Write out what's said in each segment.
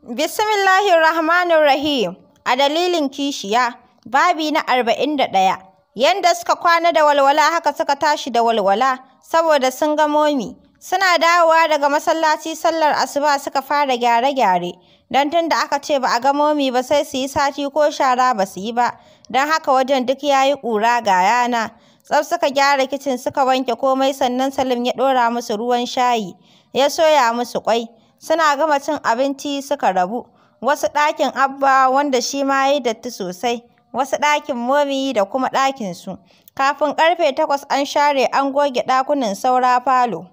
Bismillahirrahmanirrahim. A dalilin kishiya, babi na arba'in da ɗaya. Yanda suka kwana da walwala haka suka tashi da walwala, saboda sun ga momi. Suna dawowa daga masallaci sallar asuba suka fara gyare-gyare. Don tun da aka ce ba a ga momi ba sai su yi sati ko shara ba su yi ba. Don haka wajen duk ya yi ƙura ga yana. Tsaf suka gyara kicin suka wanke komai sannan Salim ya ɗora musu ruwan shayi. Ya soya musu ƙwai. Suna gama cin abinci suka rabu. Wasu ɗakin Abba wanda shi ma ya yi datti sosai, wasu ɗakin Momi da kuma ɗakin su. Kafin ƙarfe takwas an share an goge ɗakunan saura falo.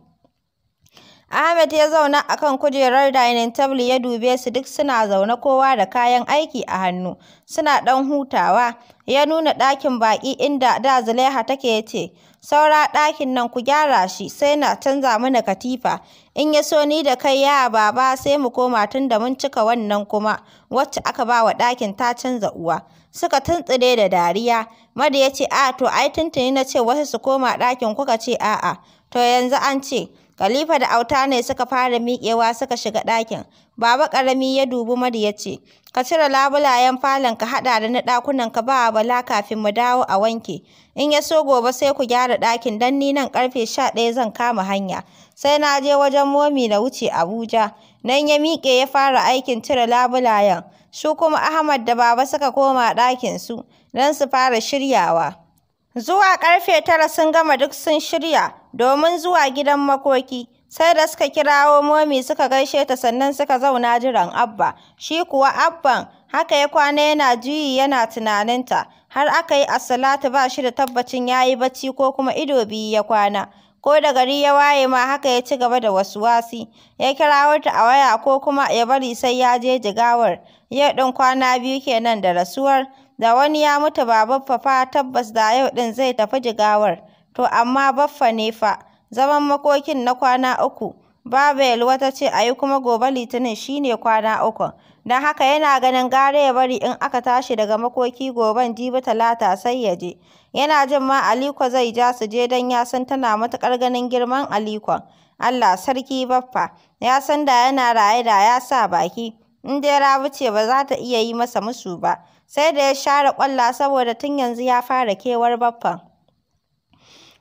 Ahmed ya zauna a kan kujerar dining table ya dube su duk suna zaune kowa da kayan aiki a hannu, suna ɗan hutawa. Ya nuna ɗakin baƙi inda da Zulaiha take ce, saura ɗakin nan ku gyara shi sai na canza mana katifa. In ya so ni da kai ya baba sai mu koma tunda mun cika wannan kuma wacce aka ba wa ɗakin ta canza uwa. Suka tuntsire da dariya. Madi ya ce a to ai tuntuni na ce wasu su koma ɗakin kuka ce a'a. To yanzu an ce Khalifa da Auta ne suka fara miƙewa suka shiga ɗakin. Baba ƙarami ya dubi Madu ya ce, Ka cire labulayen falon ka haɗa da na ɗakunan ka ba Bala kafin mu dawo a wanke. In ya so gobe sai ku gyara ɗakin don ni nan ƙarfe sha ɗaya zan kama hanya. Sai na je wajen momi na wuce Abuja. Nan ya miƙe ya fara aikin cire labulayen. Su kuma Ahmad da Baba suka koma ɗakin su don su fara shiryawa. Zuwa ƙarfe tara sun gama duk sun shirya. domin zuwa gidan makoki. Sai da suka kirawo Momi suka gaishe ta sannan suka zauna jiran Abba. Shi kuwa Abban haka ya kwana yana juyi yana tunaninta. Har aka yi asalatu ba shi da tabbacin ya yi bacci ko kuma ido biyu ya kwana. Ko da gari ya waye ma haka ya ci gaba da wasu wasi. Ya kirawo ta a waya ko kuma ya bari sai ya je jigawar. Yau ɗin kwana biyu kenan da rasuwar. Da wani ya mutu ba baffa tabbas da yau ɗin zai tafi jigawar. To amma Baffa ne fa, zaman makokin na kwana uku, Babel wata ce a yi kuma gobe Litinin shi ne kwana uku. don haka yana ganin gara ya bari in aka tashi daga makoki goben jibi Talata sai ya je. Yana jin ma Aliko zai ja su je don ya san tana matuƙar ganin girman Aliko. Allah sarki Baffa, ya san da yana raye da ya sa baki, in dai rabu ce ba za ta iya yi masa musu ba, sai da ya share ƙwalla saboda tun yanzu ya fara kewar Baffan.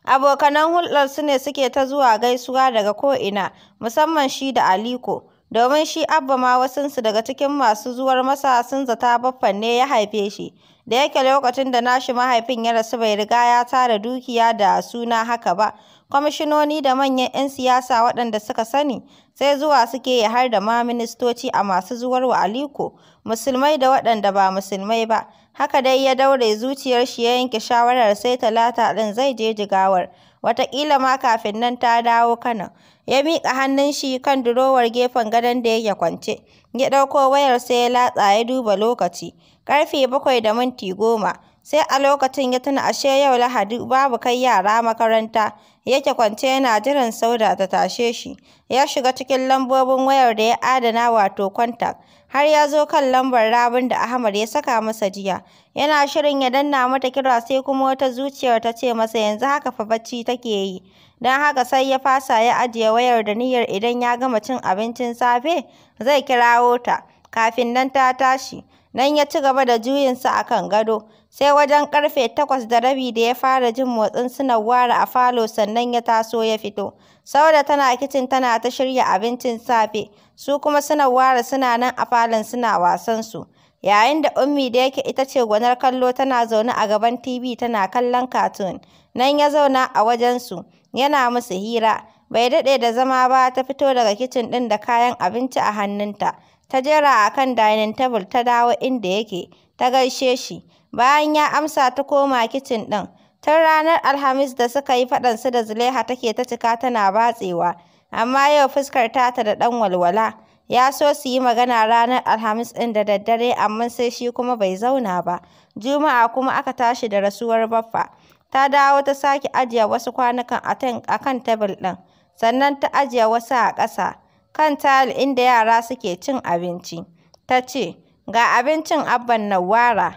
Abokanan hulɗar su ne suke ta zuwa gaisuwa daga ko'ina, musamman shi da Aliko, domin shi Abba ma wasunsu daga cikin masu zuwar masa sun zata Baffan ne ya haife shi, da yake lokacin da nashi mahaifin ya rasu bai riga ya tara dukiya da suna haka ba. Kwamishinoni da manyan 'yan siyasa waɗanda suka sani sai zuwa suke ya har da ma ministoci a masu zuwar wa Aliko, musulmai da waɗanda ba musulmai ba. Haka dai ya daure zuciyar shi ya yanke shawarar sai Talata ɗin zai je Jigawar, wataƙila ma kafin nan ta dawo Kano. Ya miƙa hannun shi kan durowar gefen gadon da yake kwance, ya ɗauko wayar sai ya latsa ya duba lokaci, Karfe bakwai da minti goma. sai a lokacin ya tuna ashe yau Lahadi babu kai yara makaranta, yake kwance yana jiran Sauda ta tashe shi. Ya shiga cikin lambobin wayar da ya adana wato kwantak, har ya zo kan lambar rabin da Ahmad ya saka masa jiya. Yana shirin ya danna mata kira sai kuma wata zuciyar ta ce masa yanzu haka fa bacci take yi. Don haka sai ya fasa ya ajiye wayar da niyyar idan ya gama cin abincin safe zai kirawo ta, kafin nan ta tashi. Nan ya ci gaba da juyinsa a kan gado, sai wajen karfe takwas da rabi da ya fara jin motsin sunan ware a falo sannan ya taso ya fito. da tana kicin tana ta shirya abincin safe, su kuma sunan ware suna nan a falon suna wasan su. Yayin da Ummi da yake ita ce gwanar kallo tana zaune a gaban TV tana kallon katun. Nan ya zauna a wajen su yana musu hira. Bai daɗe da zama ba ta fito daga kicin ɗin da kayan abinci a hannunta. ta jera a kan dining table ta dawo inda yake, ta gaishe shi. Bayan ya amsa ta koma kicin ɗin. Tun ranar Alhamis da suka yi faɗansu da Zulaiha take ta cika tana batsewa, amma yau fuskar tata da ɗan walwala. Ya so su yi magana ranar Alhamis ɗin da daddare amma sai shi kuma bai zauna ba. Juma'a kuma aka tashi da rasuwar Baffa. Ta dawo ta sake ajiye wasu kwanukan a kan tebul ɗin, sannan ta ajiye wasu a ƙasa. kan tal inda yara suke cin abinci. Ta ce, ga abincin Abban Nawara.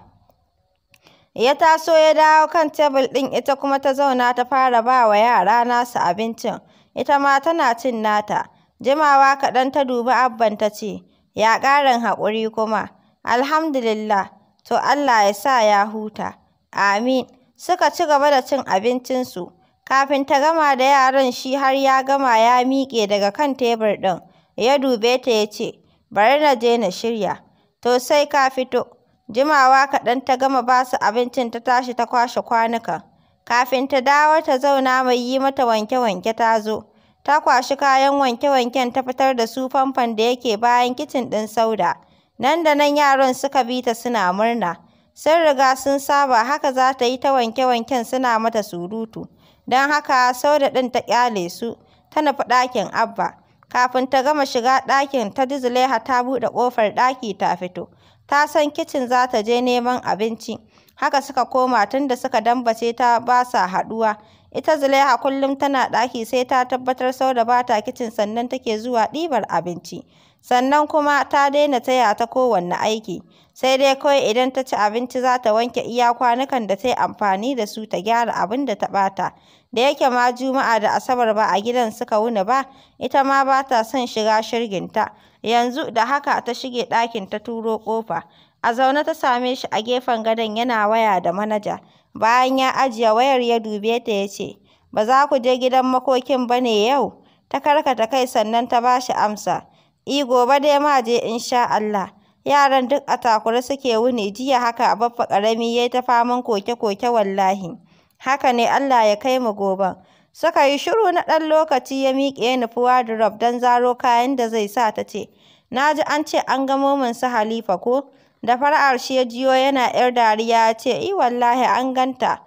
Ya taso ya dawo kan tebul ɗin ita kuma ta zauna ta fara ba wa yara nasu abincin. Ita ma tana cin nata. Jimawa kaɗan ta dubi Abban ta ce, ya ƙarin haƙuri kuma. Alhamdulillah, to Allah ya sa ya huta. Amin. Suka ci gaba da cin abincinsu. Kafin ta gama da yaran shi har ya gama ya miƙe daga kan tebur ɗin. ya dube ta ya ce, bari na je na shirya, to sai ka fito. Jimawa kaɗan ta gama ba su abincin ta tashi ta kwashe kwanuka Kafin ta dawo ta zauna mai yi mata wanke-wanke ta zo. Ta kwashi kayan wanke-wanken ta fitar da su famfon da yake bayan kicin ɗin sauda. Nan da nan yaron suka bi ta suna murna. Sun riga sun saba haka za ta yi ta wanke-wanken suna mata surutu. Don haka sauda ɗin ta ƙyale su, ta nufi ɗakin Abba. Kafin ta gama shiga ɗakin ta ji Zulaiha ta buɗe ƙofar ɗaki ta fito. Ta san kicin za ta je neman abinci. Haka suka koma tunda suka dambace ta ba sa haɗuwa. Ita Zulaiha kullum tana ɗaki sai ta tabbatar sau da bata kicin sannan take zuwa ɗibar abinci. Sannan kuma ta daina taya ta kowanne aiki. Sai dai kawai idan ta ci abinci za ta wanke iya kwanukan da ta yi amfani da su ta gyara abin da ta ɓata. Da yake ma Juma'a da Asabar ba a gidan suka wuni ba, ita ma ba ta son shiga shirginta. Yanzu da haka ta shige ɗakin ta turo ƙofa. A zaune ta same shi a gefen gadon yana waya da manaja. Bayan ya ajiye wayar ya dube ta ya ce, ba za ku je gidan makokin ba ne yau? Ta karkata kai sannan ta ba shi amsa. I gobe dai ma je insha Allah. Yaran duk a takura suke wuni jiya haka a baffa ƙarami ya yi ta faman koke-koke wallahi. Haka ne Allah ya kai mu gobe Suka yi shiru na ɗan lokaci ya miƙe ni fuwa da don zaro kayan da zai sa ta ce, Na ji an ce an gamo min su Halifa ko? Da fara'ar shi ya jiyo yana ‘yar dariya ya ce, I wallahi an ganta.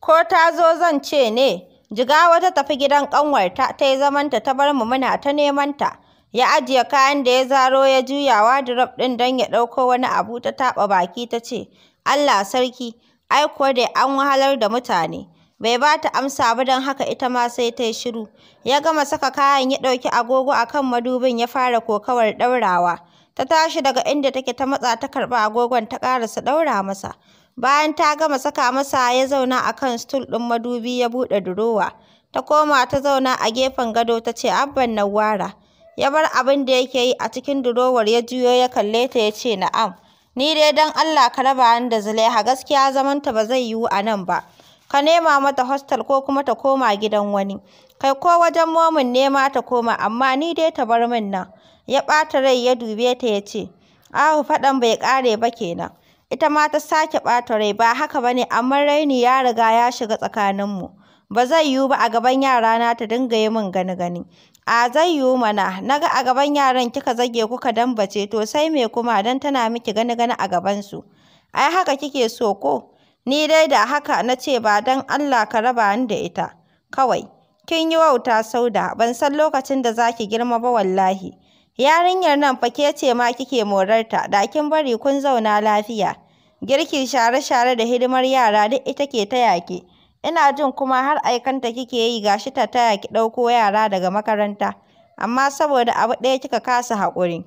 Ko ta zo zan ce ne, jiga wata tafi gidan ƙanwarta ta yi zamanta ta bar mu muna ta neman ta. Ya ajiye kayan da ya zaro ya juya da ɗin don ya ɗauko wani abu ta taɓa baki ta ce, Allah sarki. ai ko dai an wahalar da mutane. Bai ba ta amsa ba don haka ita ma sai ta yi shiru. Ya gama saka kayan ya ɗauki agogo a kan madubin ya fara kokawar ɗaurawa. Ta tashi daga inda take ta matsa ta karɓi agogon ta ƙarasa ɗaura masa. Bayan ta gama saka masa ya zauna a kan stul ɗin madubi ya buɗe durowa. Ta koma ta zauna a gefen gado ta ce Abban na'wara." Ya bar abin da yake yi a cikin durowar ya juyo ya kalle ta ya ce na'am. Ni dai don Allah ka raba ni da Zulaiha gaskiya zamanta ba zai yiwu a nan ba. Ka nema mata hostel ko kuma ta koma gidan wani. Kai ko wajen momin nema ta koma amma ni dai ta bar min nan. Ya ɓata rai ya dube ta ya ce, Ahu faɗan bai ƙare ba kenan. Ita ma ta sake ɓata rai ba haka ba ne amma raini ya riga ya shiga tsakaninmu. Ba zai yiwu ba a gaban yarana ta dinga yi min gani-gani. A zai yiwu mana, na ga a gaban yaran kika zage kuka dambace, to sai me kuma don tana miki gani-gani a gabansu. Ai haka kike so ko? Ni dai da haka na ce ba don Allah ka raba ni da ita, kawai. Kin yi wauta Sauda, ban san lokacin da za ki girma ba wallahi. Yarinyar nan fa ke ce ma kike morarta, da kin bari kun zauna lafiya. Girki share-share da hidimar yara duk ita ke yake ki. Ina jin kuma har aikanta kike yi ga shi ta taya ki ɗauko yara daga makaranta, amma saboda abu ɗaya kika kasa haƙuri.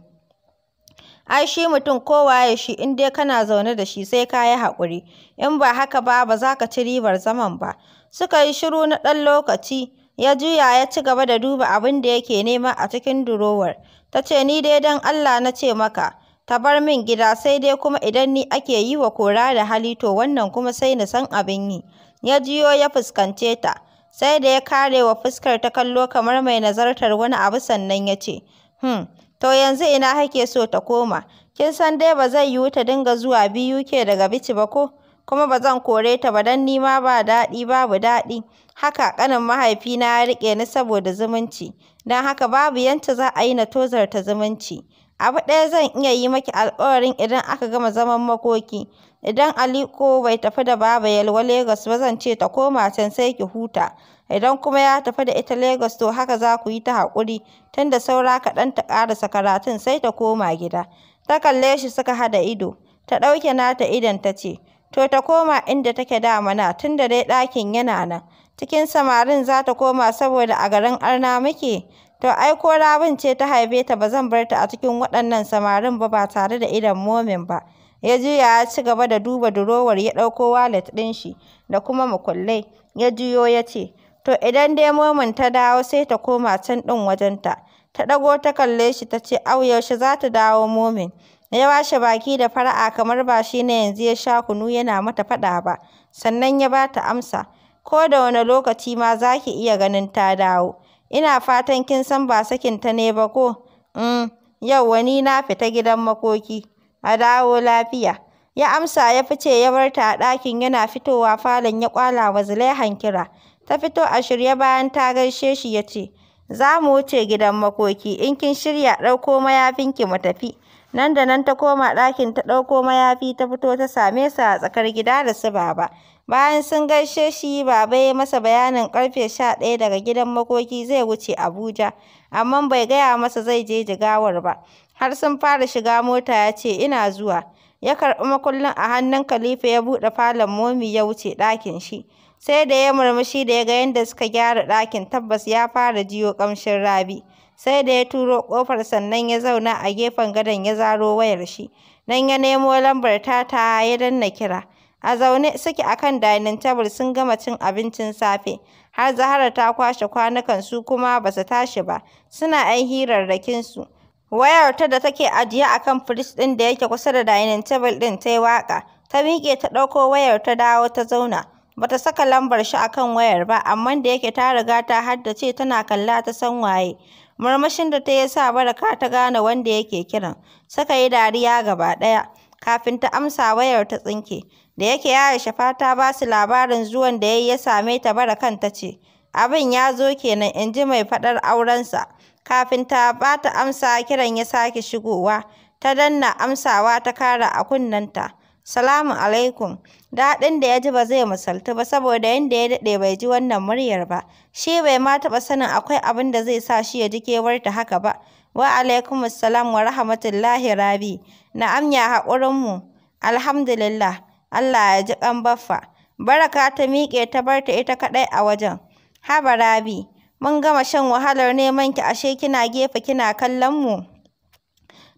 Ai shi mutum kowaye ya shi in dai kana zaune da shi sai ka yi haƙuri, in ba haka ba ba za ka ci ribar zaman ba. Suka yi shiru na ɗan lokaci, ya juya ya ci gaba da duba abin da yake nema a cikin durowar. Ta ce ni dai don Allah na ce maka, ta bar min gida sai dai kuma idan ni ake yi wa kora da hali to wannan kuma sai na san abin yi. ya jiyo ya fuskance ta, sai da ya kare wa fuskar ta kallo kamar mai nazartar wani abu sannan ya ce, Hmm, to yanzu ina hake so ta koma, kin san dai ba zai yiwu ta dinga zuwa biyu ke daga bici ba ko? kuma ba zan kore ta ba don nima ba daɗi babu daɗi haka ƙanin mahaifina ya rike ni saboda zumunci don haka babu yanta za a yi na tozarta zumunci Abu ɗaya zan iya yi maki alƙawarin idan aka gama zaman makoki, idan Aliko bai tafi da Baba Yalwa Lagos ba zan ce ta koma can sai ki huta, idan kuma ya tafi da ita Lagos to haka za ku yi ta haƙuri tunda saura kaɗan ta ƙarasa karatun sai ta koma gida. Ta kalle shi suka haɗa ido, ta ɗauke nata idon ta ce, to ta koma inda take da mana tunda dai ɗakin yana nan, cikin samarin za ta koma saboda a garin arna muke. To ai ko Rabin ce ta haife ta ba zan bar ta a cikin waɗannan samarin ba ba tare da idon momin ba. Ya juya ya ci gaba da duba durowar ya ɗauko walet ɗin shi da kuma makullai. Ya juyo ya ce, to idan dai momin ta dawo sai ta koma can ɗin wajenta. Ta ɗago ta kalle shi ta ce, au yaushe za ta dawo momin. Ya washe baki da fara'a kamar ba shi ne yanzu ya sha kunu yana mata faɗa ba. Sannan ya ba ta amsa, ko da wane lokaci ma za ki iya ganin ta dawo. Ina fatan kin san ba sakin ta ne ba ko? Um, mm, yawwa ni na fita gidan makoki. A dawo lafiya. Ya amsa ya fice ya bar ta a ɗakin yana fitowa falon ya kwala wa Zulaihan kira. Ta fito a shirye bayan ta gaishe shi ya ce, Za mu wuce gidan makoki, in kin shirya ɗauko mayafinki mu tafi. Nan da nan ta koma ɗakin ta ɗauko mayafi ta fito ta same su a tsakar gida da su baba. Bayan sun gaishe shi, Baba ya masa bayanin ƙarfe 11 daga gidan makoki zai wuce Abuja, amma bai gaya masa zai je Jigawar ba. Har sun fara shiga mota ya ce, ina zuwa. Ya karɓi makullin a hannun Khalifa ya buɗe falon momi ya wuce ɗakin shi. Sai da ya murmushi da ya ga yadda suka gyara ɗakin tabbas ya fara jiyo ƙamshin Rabi. Sai da ya turo ƙofar sannan ya zauna a gefen gadon ya zaro wayar shi. Nan ya nemo lambar tata ya danna kira. A zaune suke a kan dining table sun gama cin abincin safe. Har Zahara ta kwashe kwanukan su kuma ba su tashi ba. Suna hirarrakin su. Wayar ta da take ajiye a kan firij ɗin da yake kusa da dining table ɗin tayi waka Ta miƙe ta ɗauko wayar ta dawo ta zauna. Bata saka lambar shi a kan wayar ba, amma da yake ta riga ta haddace tana kalla ta san waye. Murmushin da ta yi sa Baraka ta gane wanda yake kiran. Suka yi dariya gaba ɗaya. Kafin ta amsa wayar ta tsinke. Da yake Aisha fata ba su labarin zuwan da ya yi ya same ta bara kanta ce, abin ya zo kenan in ji mai faɗar aurensa. Kafin ta ba ta amsa kiran ya sake shigowa, ta danna amsawa ta kara a kunnenta. Salamu alaikum. Daɗin da ya ji ba zai misaltu ba saboda yadda ya daɗe bai ji wannan muryar ba. Shi bai ma taɓa sanin akwai abin da zai sa shi ya ji kewarta haka ba. Wa alaikum assalam wa rahmatullahi rabi. Na'am ya haƙurinmu. Alhamdulillah. Allah ya ji ƙan Baffa. Baraka ta miƙe ta bar ta ita kaɗai a wajen. Haba Rabi, mun gama shan wahalar neman ki ashe kina gefe kina kallon mu.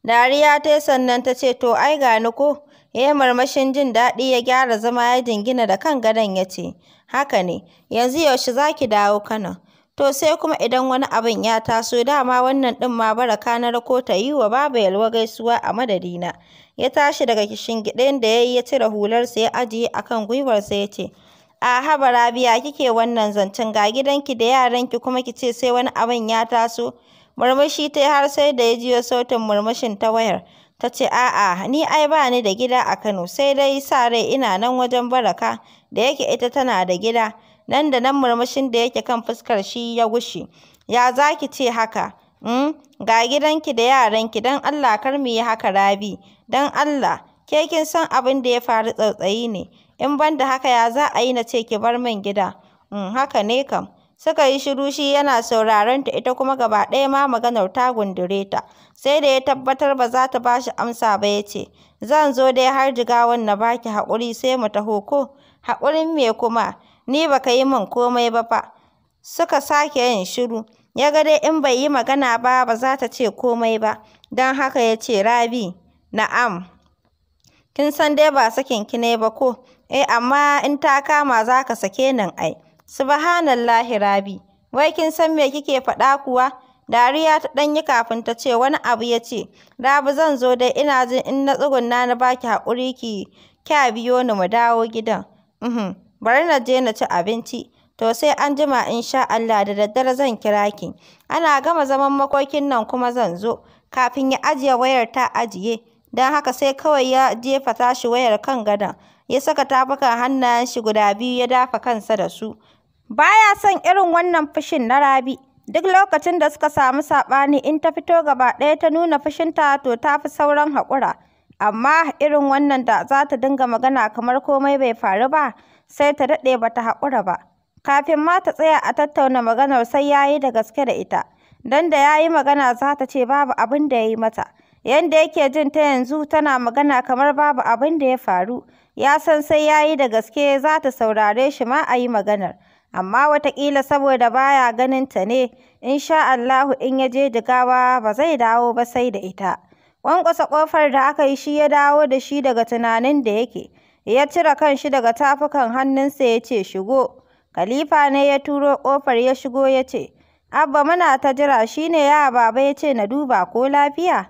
Dariya ta yi sannan ta ce to ai ga ni ko. Ya yi marmashin jin daɗi ya gyara zama ya jingina da kan gadon ya ce, haka ne, yanzu yaushe za ki dawo Kano. To sai kuma idan wani abin ya taso dama wannan ɗin ma baraka na rako ta yi wa Baba Yalwa gaisuwa a madadina. Ya tashi daga kishingiɗen da ya yi ya cire hular hularsa ya ajiye a kan gwiwarsa ya ce, A haba Rabia kike wannan zancen ga gidanki da yaranki kuma ki ce sai wani abin ya taso. Murmushi ta har sai da ya jiyo sautin murmushin ta wayar. Ta ce, A'a, ni ai ba ni da gida a Kano, sai dai sa rai ina nan wajen baraka da yake ita tana da gida. Nan da nan murmushin da yake kan fuskar shi ya gushe. Ya zaki ce haka? Mm? Ga gidanki da yaranki don Allah kar mu yi haka Rabi. Don Allah, ke kin san abin da ya faru tsautsayi ne, in ban da haka ya za a yi na ce ki bar min gida? In mm, haka ne kam. Suka yi shiru shi yana sauraron ta ita kuma gaba ɗaya ma maganar ta gundure ta. Sai da ya tabbatar ba za ta bashi amsa ba ya ce, Zan zo dai har jigawan na baki haƙuri sai mu taho ko? Haƙurin me kuma? Ni ba ka yi min komai ba fa. Suka sake yin shiru. Ya ga dai in bai yi magana ba ba za ta ce komai ba. Don haka ya ce, Rabi. Na'am. Kin san dai ba sakin ki ne ba ko? Eh amma in ta kama za ka sake nan ai. Subhanallahi Rabi. Wai kin san me kike faɗa kuwa? Dariya ta ɗan yi kafin ta ce wani abu ya ce, Rabi zan zo dai ina jin in na tsugunna na baki haƙuri ki kya biyo ni mu dawo gidan. Uhm, bari na je na ci abinci. To sai an jima sha Allah da daddare zan kira ki. Ana gama zaman makokin nan kuma zan zo. Kafin ya ajiye wayar ta ajiye. don haka sai kawai ya jefa tashi wayar kan gadon, ya saka tafukan hannayen shi guda biyu ya dafa kansa da su. baya ya son irin wannan fushin na Rabi. Duk lokacin da suka samu saɓani in ta fito gaba ɗaya ta nuna fushin ta to ta fi sauran haƙura. Amma irin wannan da za ta dinga magana kamar komai bai faru ba, sai ta daɗe ba ta haƙura ba. Kafin ma ta tsaya a tattauna maganar sai ya yi da gaske da ita. Don da ya yi magana za ta ce babu abin da ya yi mata. Yanda yake jin ta yanzu tana magana kamar babu abin da ya faru. Ya san sai ya yi da gaske za ta saurare shi ma a yi maganar. Amma wataƙila saboda baya ganin ta ne, in sha Allahu in ya je jigawa ba zai dawo ba sai da ita. Wankwasa kofar da aka yi shi ya dawo da shi daga tunanin da yake. Ya cire kan shi daga tafukan hannunsa ya ce shigo. Khalifa ne ya turo kofar ya shigo ya ce, Abba muna ta jira shi ne ya baba ya ce na duba ko lafiya.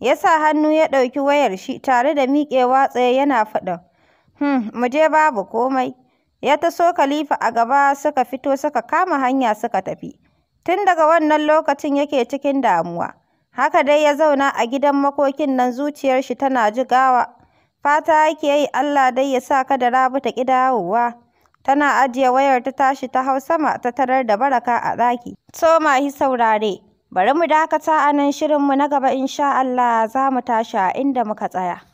ya sa hannu ya ɗauki wayar shi tare da miƙewa tsaye yana faɗin hmm mu je babu komai ya taso Khalifa a gaba suka fito suka kama hanya suka tafi tun daga wannan lokacin yake cikin damuwa haka dai ya zauna a gidan makokin nan zuciyar shi tana jigawa fata yake yi Allah dai ya sa ka da rabu ta ƙi tana ajiye wayar ta tashi ta hau sama ta tarar da Baraka a ɗaki soma hi saurare Bari mu dakata a nan, shirinmu na gaba insha Allah za mu tashi a inda muka tsaya.